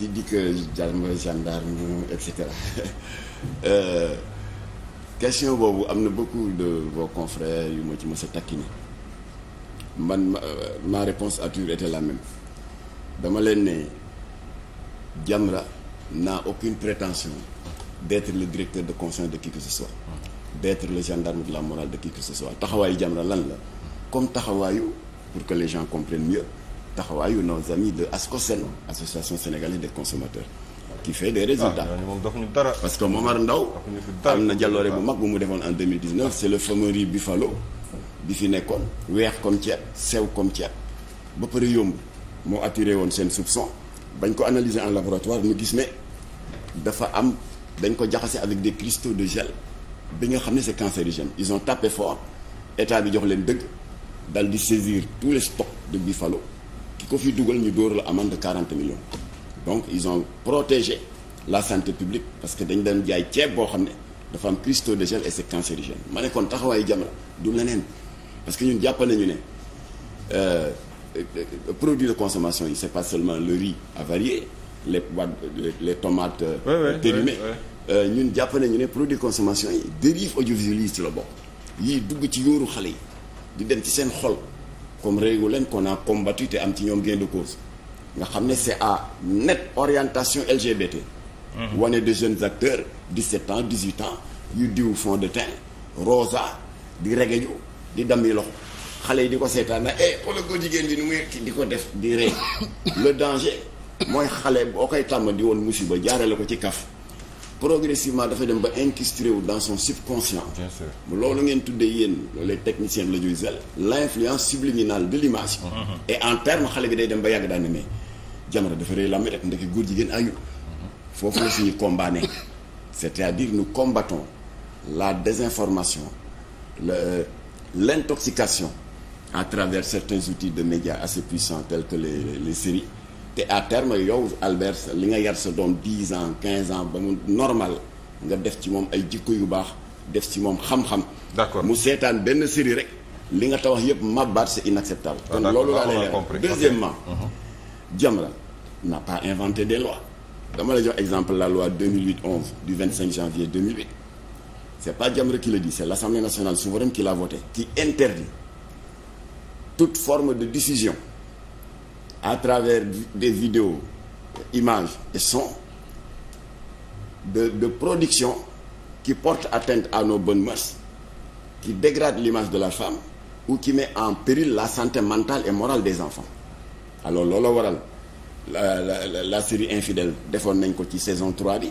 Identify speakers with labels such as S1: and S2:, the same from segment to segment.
S1: qui dit que gendarme et cetera euh, question boobu am na beaucoup de vos confrères yu ma ci mës a takkini man euh, ma réponse a toujours été la même dama leen ne Jamra n'a aucune prétention d'être le directeur de conscience de qui que ce soit d'être le gendarme de la morale de qui que soit taxawaayu Jamra lan la comme taxawaayu pour que les gens comprennent mieux taxawaayu nos amis de ASCOSEN association sénégalaise des consommateurs qui fait des résultats ah, parce que Momar Ndao am na jaloore bu mag bu mu defoon en 2019 c'est le fameux riz buffalo bi fi nekkoon weex comme ceeb sew comme ceeb ba pare yomb moo attiré woon seen soupçon bañ ko analyser en laboratoire ñu gis ne dafa am dañ ko jaxase avec des cristaux de gel bi nga xam ne c'est cancérigène ils ont tapé fort état bi jox leen dëgg dal di saisir tous les stocks de buffalo ki ko fi dugal ñu dóor la amende de 40 millions donc ils ont protégé la santé publique parce que dañ doon jaay ceeb boo xam ne dafa am cristaux de gel et c'est cancérigène ma ne kon taxawaayu Jamra du leneen parce que ñun jàpp nañu ne euh, produit de consommation yi c'est pas seulement le riz avarié les les tomates euh, périmées euh, ñun jàpp ñu ne produit de consommation yi dérive audiovisuelle yi ci la bokk yii dugg ci yóoru xale yi di dem ci seen xol comme réewu lañ qu'on a combattu te am ci ñoom gain de cause nga xam ne c'est à nette orientation LGBT mhm. wane mmh. de jeunes acteurs 17 ans 18 ans yu diw fond de teint rosa di regeju di dammi loxo xale yi di ko seetaan na eh wala ko jigéen di nu muy di ko def di ree le danger mooy xale boo koy tàmm di woon musiba jaarale ko ci kaf progressivement dafay dem ba incrusté wu dans son subconscient. bien loolu ngeen tuddee yéen les techniciens de l'audiovisuel. l'influence subliminale de l'image. Mhm. et en terme xale bi day dem ba yàgg daan ne Jamra dafa rëy làmb rek ndeke góor jigéen ayut. Mhm. foofu la suñu combat nekk c'est-à-dire nous combattons la désinformation le euh, l'intoxication à travers certains outils de média assez puissants tels que les les te à terme yow Albert li nga yar sa doom dix ans quinze ans ba mu normal nga def ci moom ay jikko yu baax def ci moom xam-xam. d'accord mu seetaan benn série rek li nga tawax yëpp mabbaat c'est inacceptable. Ah, kon loolu laa ah, lay def deuxièmement. Mhm. n'a pas inventé des lois. dama la jox exemple la loi 2008-11 du 25 janvier 2008 c'est pas Jamra qui le dit c'est l'Assemblée nationale souveraine qui l'a voté qui interdit toute forme de décision. à travers des vidéos, images et sons de, de production ki portent atteinte à nos bonnes mœurs, qui dégradent l'image de la femme ou qui met en péril la santé mentale et morale des enfants. Alors loolu waral la la la série infidèle defoon nañ ko ci saison trois bi.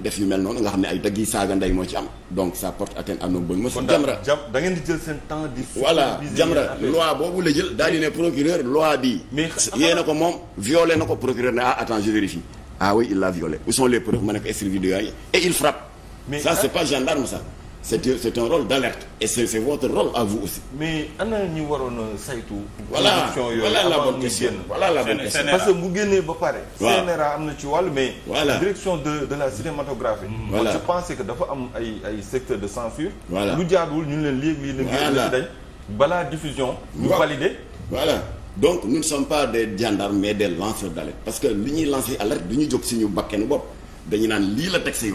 S1: def yu mel noonu nga xam ne ay dagg yi saaga ndey moo ci am donc ça porte atteinte a nos bonnes mœurs Jamra da ngeen di jël seen loi boobu la jël daal di ne procureur loi bi yée na ko moom violé na ko procureur ne ah attends je vérifie ah oui il l'a violé où sont les preuves ma ne ko extrait il frappe ça c'est pas gendarme ça c'est c'est un rôle d'alerte et c'est c'est votre à vous aussi. mais ana ñu waroon a saytu. voilà voilà la bonne question voilà la bonne parce que bu génnee ba pare. waaw am na ci wàllu mais. voilà direction de la cinématographie. Mm. voilà je pensais que dafa am ay ay secteur de censure voilà lu jaaduwul ñu leen léegi lii. voilà dañ balaa diffusion. ñu valider voilà. donc nous ne sommes pas des gendarmes mais des lanceurs d'alerte parce que li ñuy lancer alerte du ñu jóg suñu bakkanu bopp dañu naan lii la teg say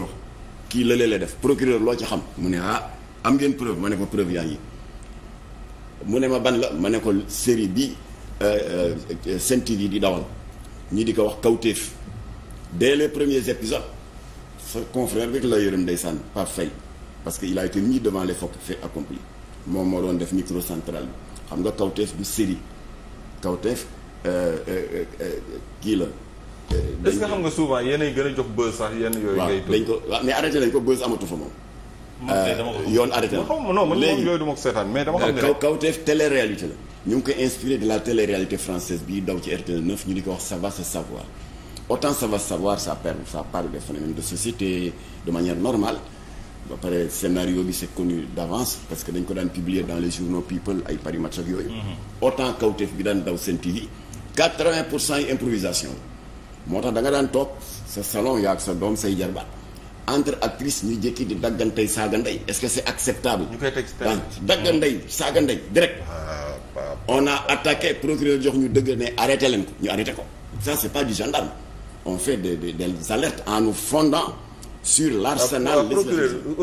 S1: kii la lee def procureur loo ci xam mu ne ah am ngeen preuve ma ne ko preuve yaa ngi mu ne ma ban la ma ne ko série bi euh, euh, Sen TV di dawal ñi di ko wax kawtéef dès les premiers épisodes sa confrère rek la yërëm ndeysaan par fay parce que il a été mis devant les faits accomplis moom moo doon def micro central bi xam nga kawteef du série kawteef euh, kii la est ce que xam nga souvent yenn yooyu. ngay dañ ko waaw amatu fa moom.
S2: Euh, yoon arrêté na ko non man yooyu du ma
S1: ko seetaan mais dama xam ne euh, kaw kawteef télé réalité la. ñu ngi koy inspiré de la télé réalité française bi daw ci RTL 9 ñu di ko wax ça va se savoir autant ça va savoir ça parle ça parle de société de manière normale. ba pare scénario bi c'est connu d'avance parce que dañ ko daan publier dans les journaux people ay Paris Match ak yooyu. Mm-hmm. autant kawteef bi daan daw seen pour cent yi moo tax da nga daan toog sa salon yaa ak sa doom say jarbaat entre actrice ñu jëkki di daggantey saaga ndey est-ce que c'est acceptable daggantey saaga ndey direct ah, on a attaqué procureur jox ñu dëgg ne arrêté leen ko ñu arrêté ko ça c'est pas du gendarme on fait des des, des alertes en fondant sur l'arsenal ah,